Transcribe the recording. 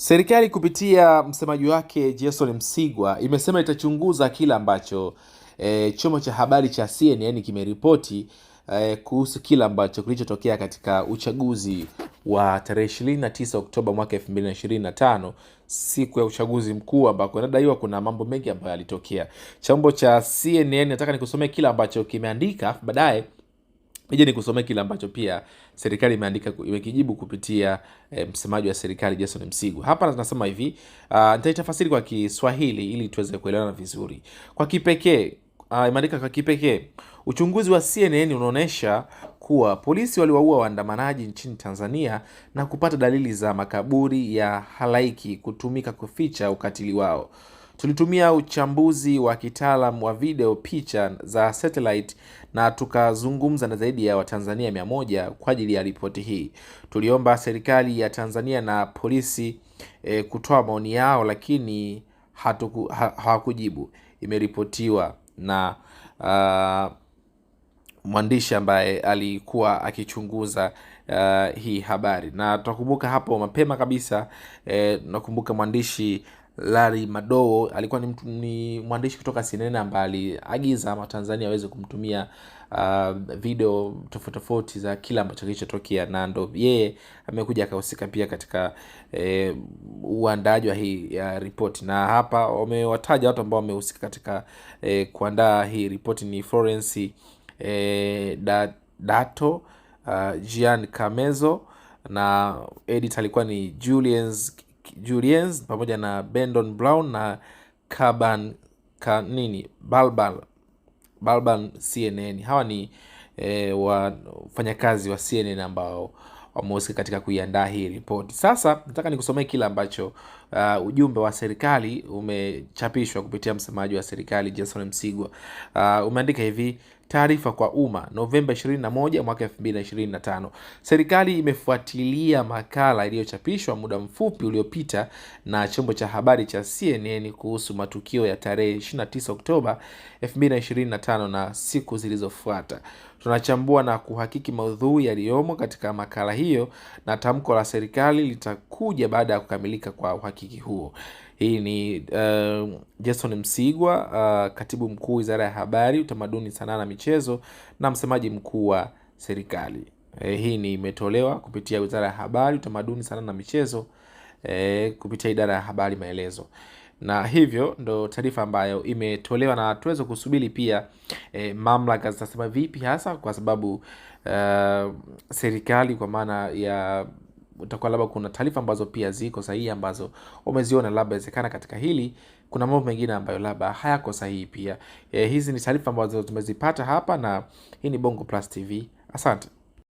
Serikali kupitia msemaji wake Jason Msigwa imesema itachunguza kila ambacho e, chombo cha habari cha CNN kimeripoti e, kuhusu kila ambacho kilichotokea katika uchaguzi wa tarehe 29 Oktoba mwaka 2025, siku ya uchaguzi mkuu ambako inadaiwa kuna mambo mengi ambayo yalitokea. Chombo cha CNN nataka nikusomee kile ambacho kimeandika, baadaye ni kusomea kile ambacho pia serikali imeandika imekijibu kupitia e, msemaji wa serikali Jason Msigu. Hapa nasema hivi, uh, nitaitafasiri kwa Kiswahili ili tuweze kuelewana vizuri. Kwa kipekee uh, imeandika kwa kipekee, uchunguzi wa CNN unaonyesha kuwa polisi waliwaua waandamanaji nchini Tanzania na kupata dalili za makaburi ya halaiki kutumika kuficha ukatili wao. Tulitumia uchambuzi wa kitaalam wa video, picha za satellite na tukazungumza na zaidi ya Watanzania mia moja kwa ajili ya ripoti hii. Tuliomba serikali ya Tanzania na polisi e, kutoa maoni yao, lakini hatuku, ha, hawakujibu. Imeripotiwa na uh, mwandishi ambaye alikuwa akichunguza uh, hii habari na tunakumbuka hapo mapema kabisa eh, nakumbuka mwandishi Larry Madowo alikuwa ni, mtu, ni mwandishi kutoka CNN ambaye aliagiza Tanzania aweze kumtumia uh, video tofauti tofauti za kila ambacho kilichotokea, na ndo yeye amekuja akahusika pia katika eh, uandaaji wa hii ya ripoti, na hapa wamewataja watu ambao wamehusika katika eh, kuandaa hii ripoti ni Florence eh, da, Dato uh, Gian Kamezo na edit alikuwa ni Julians Juliens pamoja na Bendon Brown na Kaban ka nini Balban Balban CNN. Hawa ni e, wafanyakazi wa CNN ambao wamehusika katika kuiandaa hii ripoti. Sasa nataka nikusomee kile ambacho uh, ujumbe wa serikali umechapishwa kupitia msemaji wa serikali Jason Msigwa. Uh, umeandika hivi: taarifa kwa umma Novemba 21 mwaka 2025. Serikali imefuatilia makala iliyochapishwa muda mfupi uliopita na chombo cha habari cha CNN kuhusu matukio ya tarehe 29 Oktoba 2025 na siku zilizofuata. Tunachambua na kuhakiki maudhui yaliyomo katika makala hiyo na tamko la serikali litakuja baada ya kukamilika kwa uhakiki huo. Hii ni uh, Jason Msigwa uh, katibu mkuu wizara ya habari, utamaduni, sanaa na michezo na msemaji mkuu wa serikali. E, hii ni imetolewa kupitia wizara ya habari, utamaduni, sanaa na michezo e, kupitia idara ya habari maelezo na hivyo ndo taarifa ambayo imetolewa na tuweze kusubiri pia e, mamlaka zitasema vipi hasa, kwa sababu uh, serikali kwa maana ya utakuwa labda kuna taarifa ambazo pia ziko sahihi ambazo umeziona, labda wezekana katika hili kuna mambo mengine ambayo labda hayako sahihi pia. E, hizi ni taarifa ambazo tumezipata hapa, na hii ni Bongo Plus TV. Asante.